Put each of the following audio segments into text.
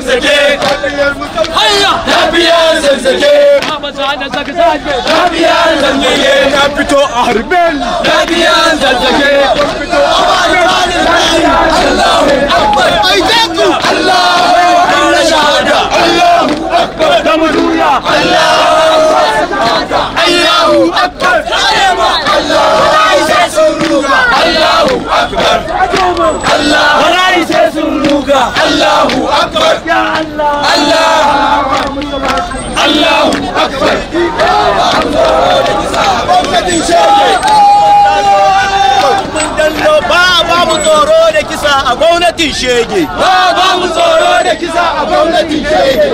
زلزجيك هيا هابي يا زلزجيك هابي يا زلزجيك هبتو أهربل هابي يا أهربل الله أكبر الله أكبر الله أكبر الله الله أكبر الله أكبر الله أكبر الله الله akbar يا الله الله Allahu akbar gwamnatin shege mun kisa a gwamnatin shege ba ba mu tsoro kisa a gwamnatin shege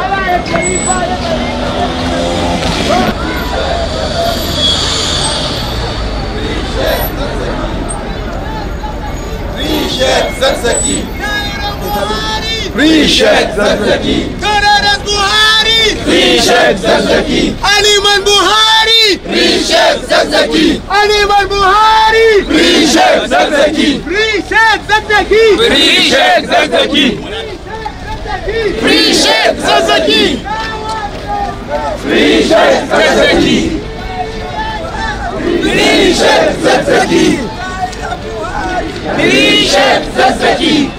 Zarzaki Rişet Zerdeki Kararat Buhari Rişet Zerdeki Aliman Buhari Rişet Zerdeki Aliman Buhari Rişet Zerdeki Rişet Zerdeki Rişet Zerdeki Rişet Zerdeki Rişet Zerdeki Rişet Zerdeki Rişet Zerdeki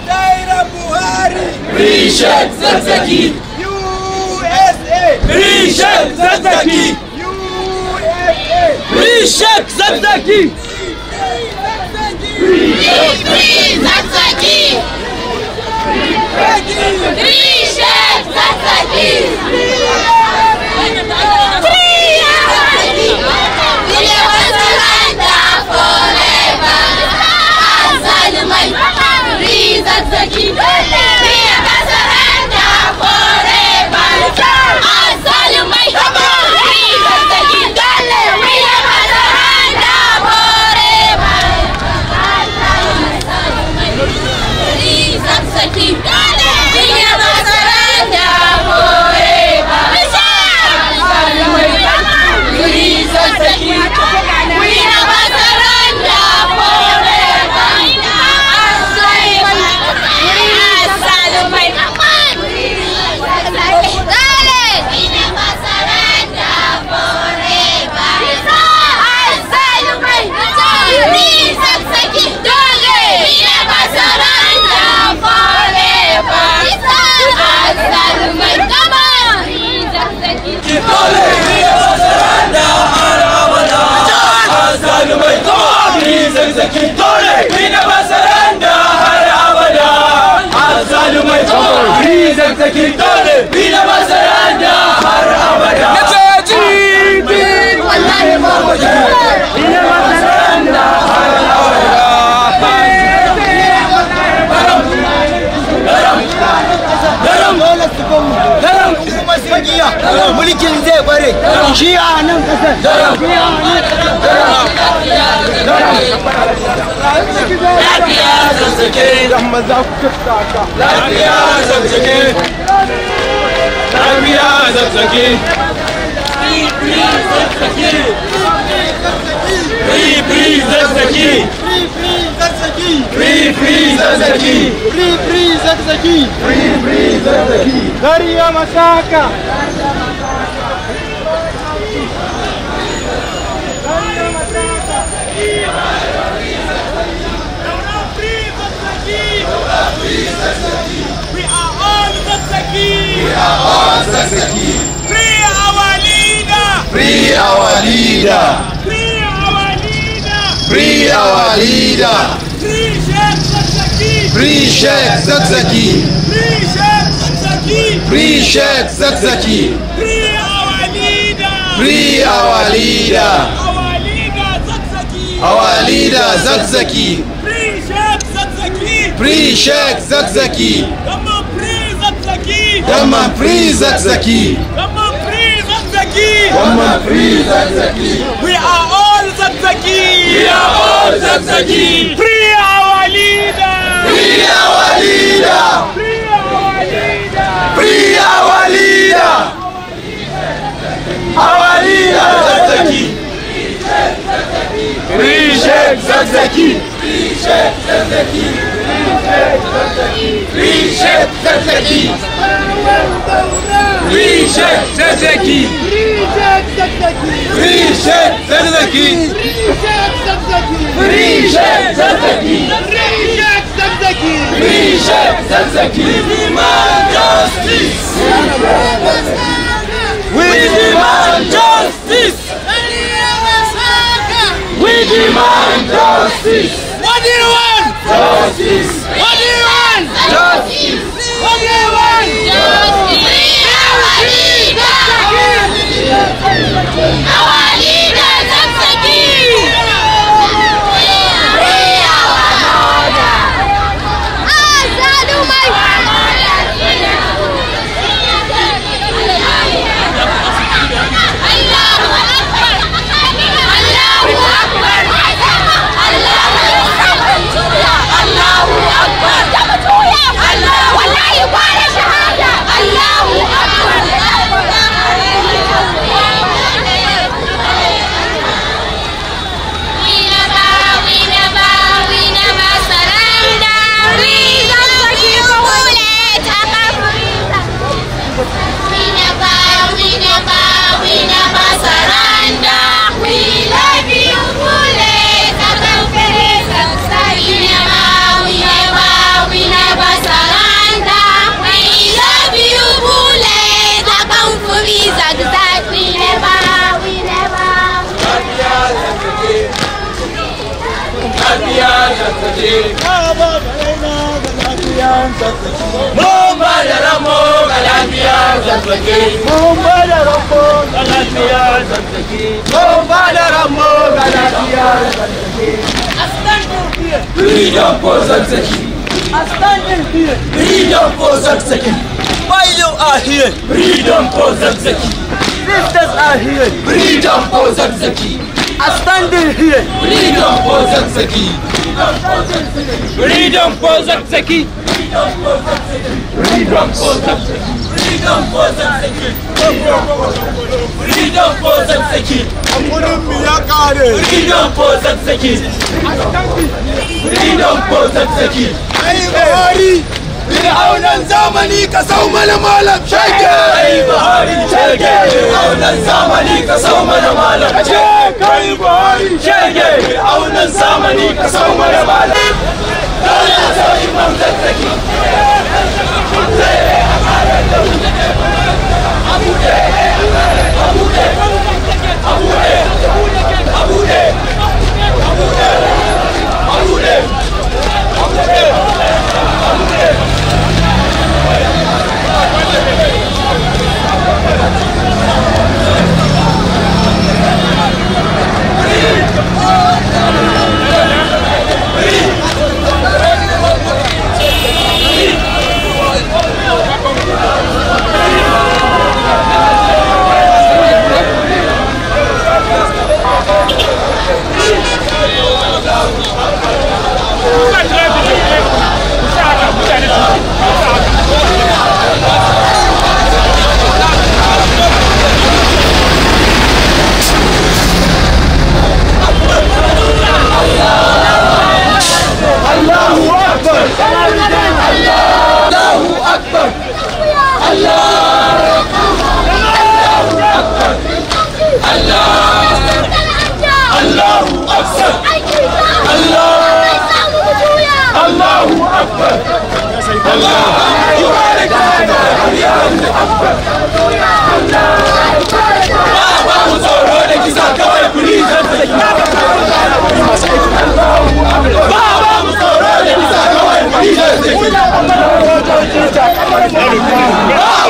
Кричать «Зацаки!» USA! Кричать э. «Зацаки!» USA! Кричать «Зацаки!» Кричать «Зацаки!» Кричать «Зацаки!» Bizekteki dönü bilemezler mulkin zai bare shi a nan kasar shi a nan lafiya zazzake maza ku tattaka lafiya zazzake lafiya zazzake Free, free, zazzaki! Free, free, zazzaki! Free, free, zazzaki! Free, free, zazzaki! Dariya masaka! our Zakzaki. Free our leader. Free our leader. Free our leader. Free our leader. Free Sheikh Zakzaki. Free Sheikh Zakzaki. Free Sheikh Zakzaki. Free Sheikh Zakzaki. Free our leader. Free our leader. Our leader Zakzaki. Our leader Zakzaki. Free Sheikh Zakzaki. Free Sheikh Zakzaki. Damaprise Zakzaki. Damaprise Zakzaki. prise Zakzaki. We are all Zakzaki. We are all Zakzaki. Free our leader. Free our leader. Free our leader. Free our leader. Our leader Zakzaki. Free chef Zakzaki. Free chef Zakzaki. Free chef Zakzaki. Free chef Zakzaki. We demand justice! We demand justice! We demand justice! What do you want? Justice! What do Mun Freedom for zazzaki. Freedom for you are here? Freedom for zazzaki. Sisters are here. Freedom for zazzaki are standing here. Freedom for Zaksaki. Freedom for Zaksaki. Freedom for Zaksaki. Freedom for Zaksaki. Freedom for Zaksaki. Freedom for Zaksaki. Freedom for Zaksaki. Freedom for Freedom for Zaksaki. Fir'aunan zamani ka sau mana malam shege kai Buhari shege Fir'aunan zamani ka sau mana malam shege kai Buhari shege Fir'aunan zamani ka sau mana malam Dole sai imam zazzaki الله أكبر الله يبارك لنا اليوم أكبر الله يبارك لنا babu tsoro da kisa kawai kuri zan sanya ba babu tsoro da kisa kawai kuri zan sanya ba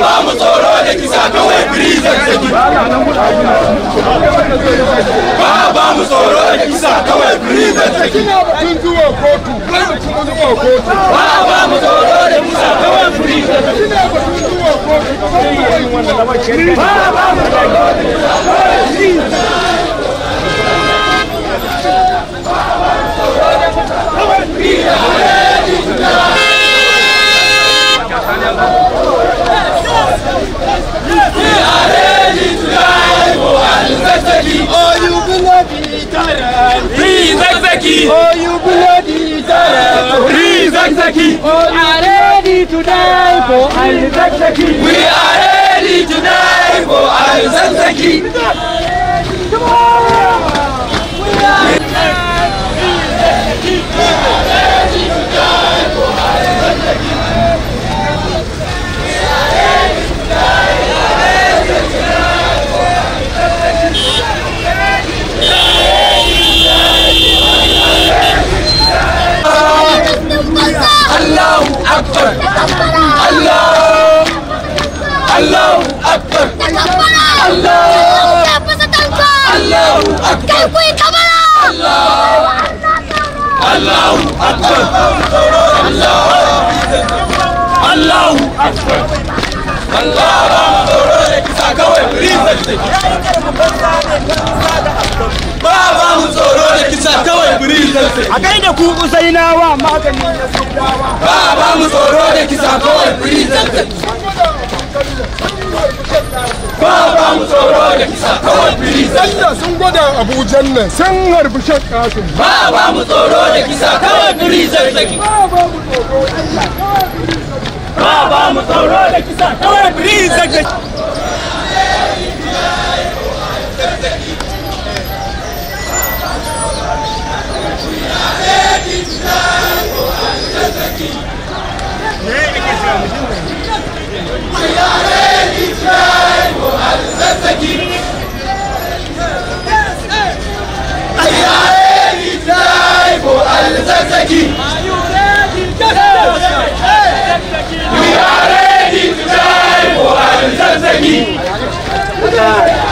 babu tsoro da kisa kawai kuri zan sanya ba Vamos tsoroni kisa kawai prison kina Vamos, zuwa kotu kawai é zuwa kotu ba ba mu tsoroni kisa kawai prison kina batun zuwa kotu kawai wannan ba ba mu tsoroni kisa kawai prison Al-Zakzaki. We are ready tonight for al We are Allahu Akbar Allah ba mu tsoro da kisa kawai prison take ba ba mu tsoro da kisa kawai prison take a kai da ku usainawa magani na saudawa ba ba mu tsoro da kisa kawai prison ba ba mu tsoro da kisa kawai nan ba kisa kawai ba ba mu tsoro da kisa kawai Vamos mu tá é que da kisa é brisa que... Yeah. aqui.